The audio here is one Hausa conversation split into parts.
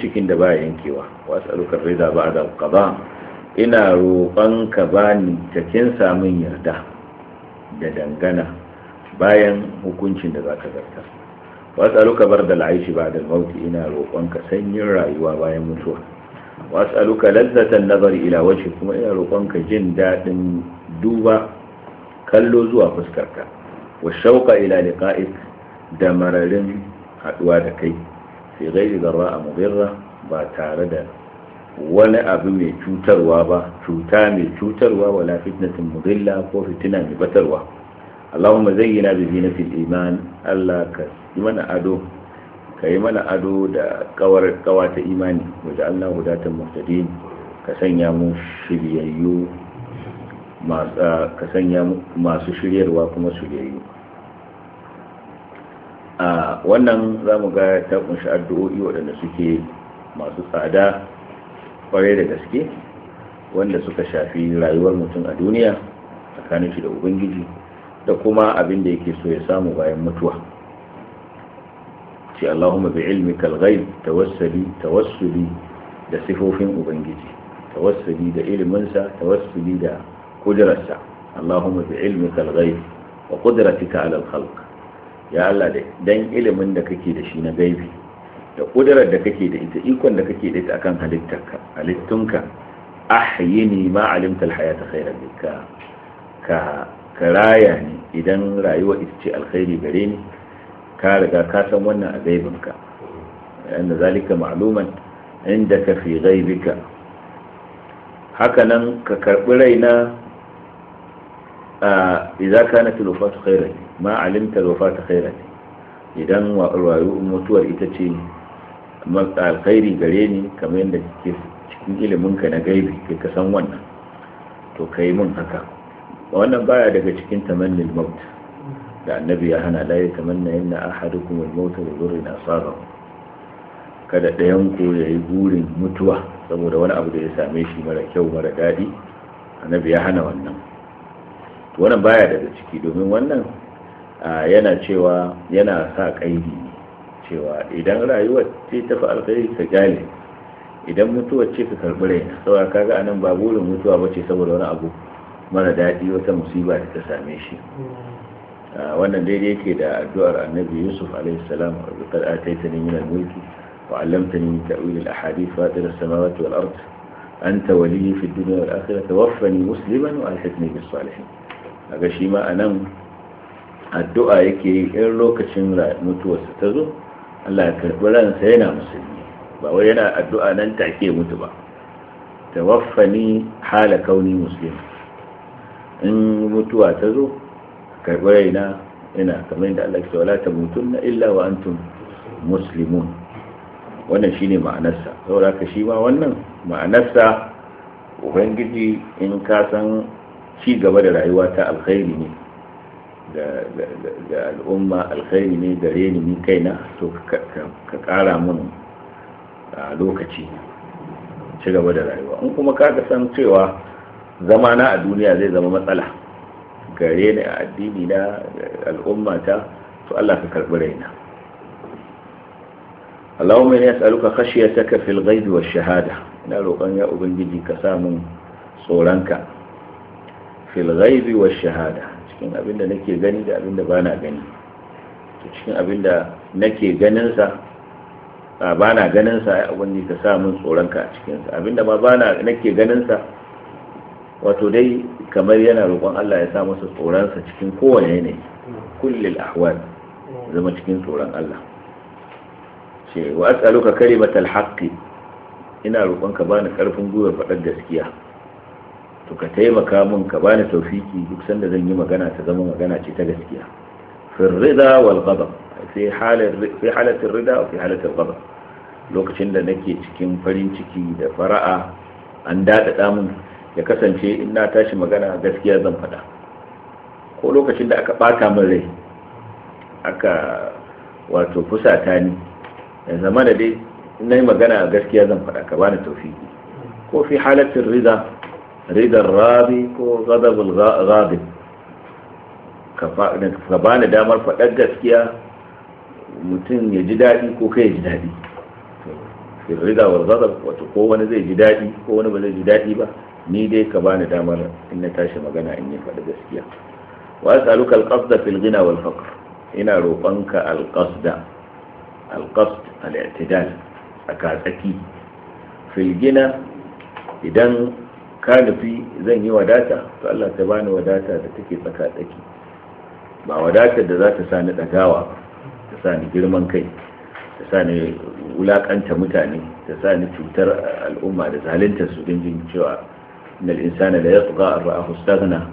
cikin da ba yankewa wa reza rida ba'da al ba. ina roƙon ka bani cikin samun yarda da dangana bayan hukuncin da za zaka zarta wa as'aluka bar da la'aishi ba da mauti ina roƙon sanyin rayuwa bayan mutuwa wa as'aluka ladzatan nazari ila wajhi kuma ina roƙon jin daɗin duba kallo zuwa fuskarka wa shauƙa ila liqa'ik da mararin haɗuwa da kai fi da ra'a mudirra ba tare da wani abu mai cutarwa ba cuta mai cutarwa wala fitnatin mudilla ko fitina mai batarwa Allahumma zayyana bi zinatil iman Allah ka yi mana ado ka yi mana ado da kawar kawa ta imani wajen Allah hudatan muhtadin ka sanya mu shiryayyu masu masu shiryarwa kuma shiryayyu a wannan za mu ga ta kunshi addu'o'i waɗanda suke masu tsada ƙware da gaske wanda suka shafi rayuwar mutum a duniya tsakanin shi da ubangiji da kuma abin da yake so ya samu bayan mutuwa ce Allahumma bi ilmi kalgai tawassuli tawassuli da sifofin ubangiji tawassuli da iliminsa tawassuli da kudurarsa. Allahumma bi ilmi kalgai wa kudurarsa ta al ya Allah da dan ilimin da kake da shi na gaibi da kudurar da kake da ita ikon da kake da ita akan halittarka halittunka ahyini ma alimta alhayata khairan ka ka raya ni idan rayuwa ita ce alkhairi gare ni ka riga ka san wannan a gaibinka inda zalika ma'luman inda ka fi gaibika haka nan ka karbi raina idza kanat al-wafatu khairan ma alimta al-wafatu khairan idan wayo mutuwar ita ce alkhairi gare ni kamar yadda cikin iliminka na gaibi kai ka san wannan to kai mun haka wannan baya daga cikin tamannil maut da annabi ya hana la yatamanna inna ahadukum al-maut bi dhurrin asabahu kada ɗayan ku ya yi burin mutuwa saboda wani abu da ya same shi mara kyau mara daɗi annabi ya hana wannan wannan baya daga ciki domin wannan yana cewa yana sa kaidi cewa idan rayuwar ce ta fi alkhairi ta gale idan mutuwar ce ta karbi rai saboda kaga anan ba burin mutuwa ba ce saboda wani abu mara daɗi wata musiba da ta same shi wannan daidai yake da addu'ar annabi yusuf alaihi salam qad ataitani min al-mulki wa 'allamtani min ta'wil al-ahadith wa as-samawati wal-ard anta waliyyi fid dunya wal-akhirah tawaffani musliman wa alhiqni bis-salihin daga shi ma anan addu'a yake yi in lokacin mutuwarsa ta zo Allah ya karɓi ransa yana musulmi ba wai yana addu'a nan take mutu ba tawaffani hala kauni musulmi in mutuwa ta zo karɓi raina ina kamar yadda Allah ke wala ta na illa wa antum muslimun wannan shine ma'anarsa saboda ka shi ma wannan ma'anarsa ubangiji in ka san ci gaba da rayuwa ta alkhairi ne da al'umma alkhairi ne gare ni ni kaina to ka kara mun lokaci ci gaba da rayuwa in kuma ka san cewa zama na a duniya zai zama matsala gare ni a addini na al'umma ta to Allah ka karbi raina اللهم إني أسألك خشيتك في الغيب shahada. ina roƙon ya ubangiji ka mun tsoronka fil ghaibi wa shahada cikin abinda nake gani da abinda bana gani to cikin abinda nake ganin sa a bana ganin sa ai abin ne ka sa mun tsoron ka a cikin sa abinda ba bana nake ganin sa wato dai kamar yana roƙon Allah ya sa masa tsoron sa cikin kowane yanayi kullil ahwal zama cikin tsoron Allah ce wa as'aluka kalimatal haqqi ina roƙon ka bani karfin gwiwar faɗar gaskiya to ka taimaka min ka bani taufiki duk sanda zan yi magana ta zama magana ce ta gaskiya fi rida wal ghadab fi halatin rida wa fi halatin ghadab lokacin da nake cikin farin ciki da fara'a an dadada mun ya kasance in na tashi magana gaskiya zan faɗa ko lokacin da aka ɓata min rai aka wato fusata ni ya zama da dai na yi magana gaskiya zan faɗa ka bani taufiki ko fi halatin rida ridar rabi ko gadabul rabi ka ba ni damar faɗar gaskiya mutum ya ji daɗi ko kai ya ji daɗi rida wa gadab wato ko wani zai ji daɗi ko wani ba zai ji daɗi ba ni dai ka ba ni damar in na tashi magana in yi faɗi gaskiya wa as'aluka al-qasda fil ghina wal faqr ina roƙonka al-qasda al-qasd al-i'tidal tsaka tsaki fil ghina idan ka nufi zan yi wadata to Allah ta bani wadata da take tsaka tsaki ba wadatar da za ta sa ni dagawa ta sa ni girman kai ta sa ni wulakanta mutane ta sa ni cutar al'umma da zalunta su din jin cewa innal insana la yatgha a ra'ahu istaghna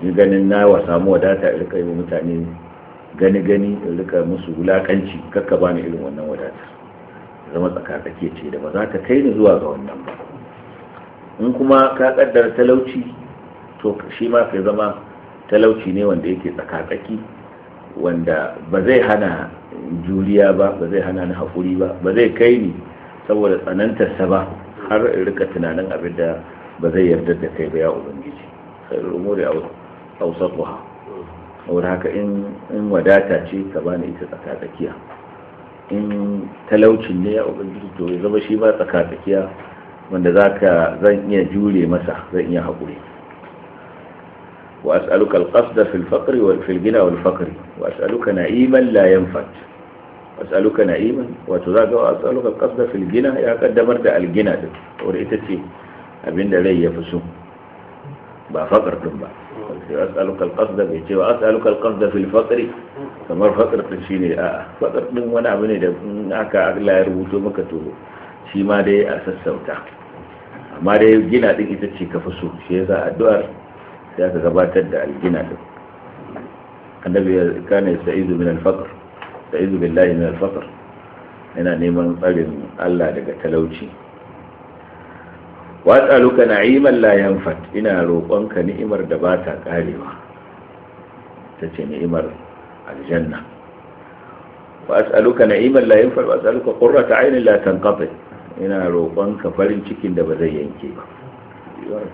ji ganin na wa samu wadata in rika yi mutane gani gani in rika musu wulakanci kakka bani irin wannan wadatar zama tsaka tsaki ce da ba za ta kai ni zuwa ga wannan ba in kuma ka kaddara talauci to shi ma sai zama talauci ne wanda yake tsakatsaki wanda ba zai hana juriya ba ba zai hana ni haƙuri ba ba zai kai ni saboda tsanantarsa ba har in rika tunanin abin da ba zai yarda da kai ba ya ubangiji khairul umuri awsatuha saboda haka in in wadata ce ka bani ita tsakatsakiya in talaucin ne ya ubangiji to ya zama shi ba tsakatsakiya wanda zaka zan iya jure masa zan iya haƙuri wa as'aluka al-qasda fil faqri wa fil gina wal faqri wa as'aluka na'iman la yanfat as'aluka na'iman wato zaka wa as'aluka al-qasda fil gina ya kaddamar da algina gina din wanda ita ce abinda rai ya fi so ba faqr din ba sai as'aluka al-qasda bai ce wa as'aluka al-qasda fil faqri kamar faqr din shine a faqr din wani abu ne da aka Allah ya rubuto maka to shi ma dai a sassauta amma dai gina ɗin ita ce ka fi so shi yasa addu'ar sai aka gabatar da algina din annabi ya kana yasta'izu min al-faqr yasta'izu billahi min al yana neman tsarin Allah daga talauci na na'iman la yanfat ina roƙonka ni'imar da ba ta karewa ta ce ni'imar aljanna watsaluka na'iman la yanfat watsaluka qurrata ainin la tanqati ina roƙon ka farin cikin da ba zai yanke ba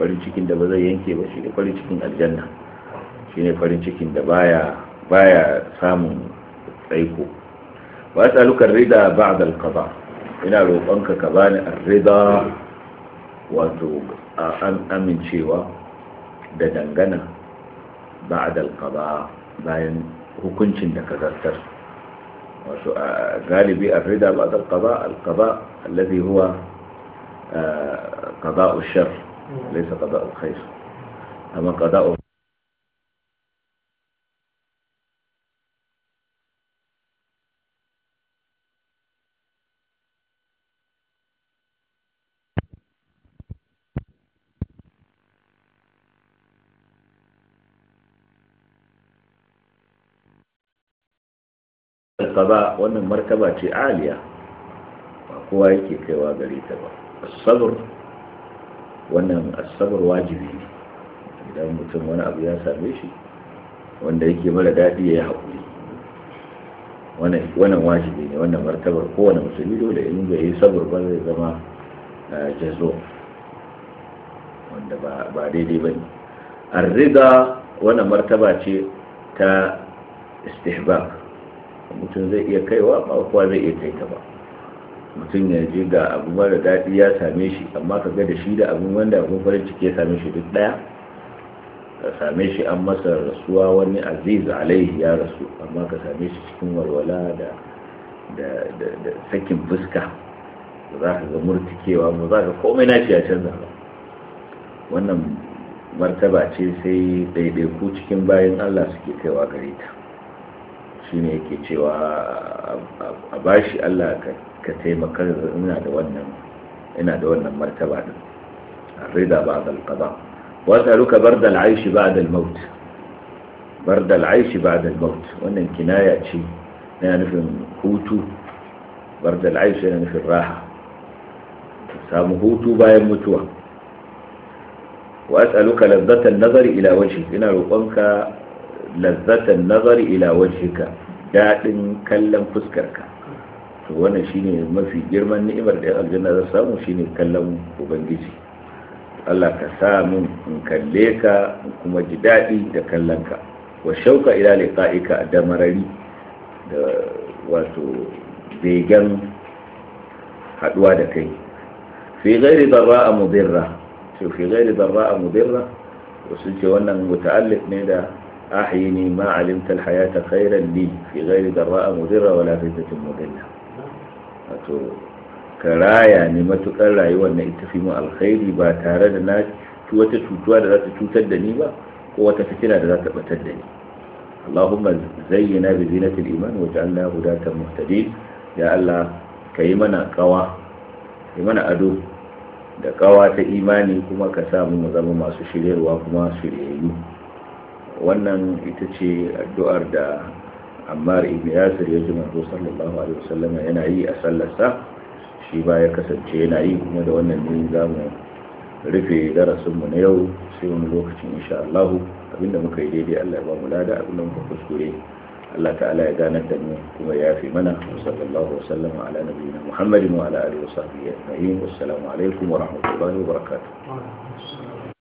farin cikin da ba zai yanke ba shine farin cikin aljanna shine farin cikin da baya baya samun tsaiko ba ta lukar rida ba'da al ina roƙon ka ba bani a rida wato an amincewa da dangana ba'da al bayan hukuncin da ka zartar wato galibi ar-rida ba'da al-qada الذي هو آه، قضاء الشر ليس قضاء الخير أما قضاء القضاء وأن المركبة عالية kowa yake kaiwa gare ta ba asabar wannan asabar wajibi ne idan mutum wani abu ya same shi wanda yake mara daɗi ya yi haƙuri wannan wajibi ne wannan martabar kowane musulmi dole in bai yi sabar ba zai zama eh, jazo wanda ba daidai ba ne arriga wannan martaba ce ta istihbab mutum zai iya kaiwa ba kowa zai iya kai ta ba mutum ya je ga abu mara daɗi ya same shi amma ka ga da shi da abin wanda abin farin ciki ya same shi duk ɗaya ka same shi an masa rasuwa wani aziz alaihi ya rasu amma ka same shi cikin walwala da da sakin fuska za ka ga murtikewa ba za ka komai na ya canza ba wannan martaba ce sai ɗaiɗaiku cikin bayan allah suke kaiwa gare ta shine yake cewa a bashi allah ka ka taimaka ina da wannan ina da wannan martaba din rida ba. al-qada wa as'aluka barda al-aish ba'd al-maut barda al-aish ba'd al-maut wannan kinaya ce yana nufin hutu barda al-aish yana nufin raha samu hutu bayan mutuwa wa as'aluka ladzata an-nazari ila wajhik ina roƙonka ladzata an-nazari ila wajhika dadin kallon fuskarka to wannan shine mafi girman ni'imar da yan aljanna za samu shine kallon ubangiji Allah ka sa min in kalle ka kuma ji daɗi da kallon ka wa shauka ila liqa'ika da marari da wato begen haduwa da kai fi ghairi darra'a mudirra to fi ghairi darra'a mudirra wasu ce wannan muta'alliq ne da ahyini ma alimta alhayata khairan li fi ghairi darra'a mudirra wala fitatin mudilla wato ka raya ne matukar rayuwar na ita fi mu alkhairi ba tare da na wata cutuwa da za ta cutar da ni ba ko wata fitina da za ta batar da ni Allahumma zayyana bi zinatil iman wa ja'alna hudatan muhtadin ya Allah kai mana kawa kai mana ado da kawa ta imani kuma ka sa mu zama masu shiryarwa kuma shiryayyu wannan ita ce addu'ar da amma ibn yasir ya ji manzo sallallahu alaihi wasallam yana yi a sallarsa shi ba ya kasance yana yi kuma da wannan ne za mu rufe darasinmu na yau sai wani lokacin insha Allah abinda muka yi daidai Allah ya ba mu lada abinda muka kuskure Allah ta'ala ya ganar da mu kuma ya fi mana sallallahu alaihi wasallam ala nabiyina Muhammadin wa ala alihi wa sahbihi ajma'in wassalamu alaikum wa rahmatullahi wa barakatuh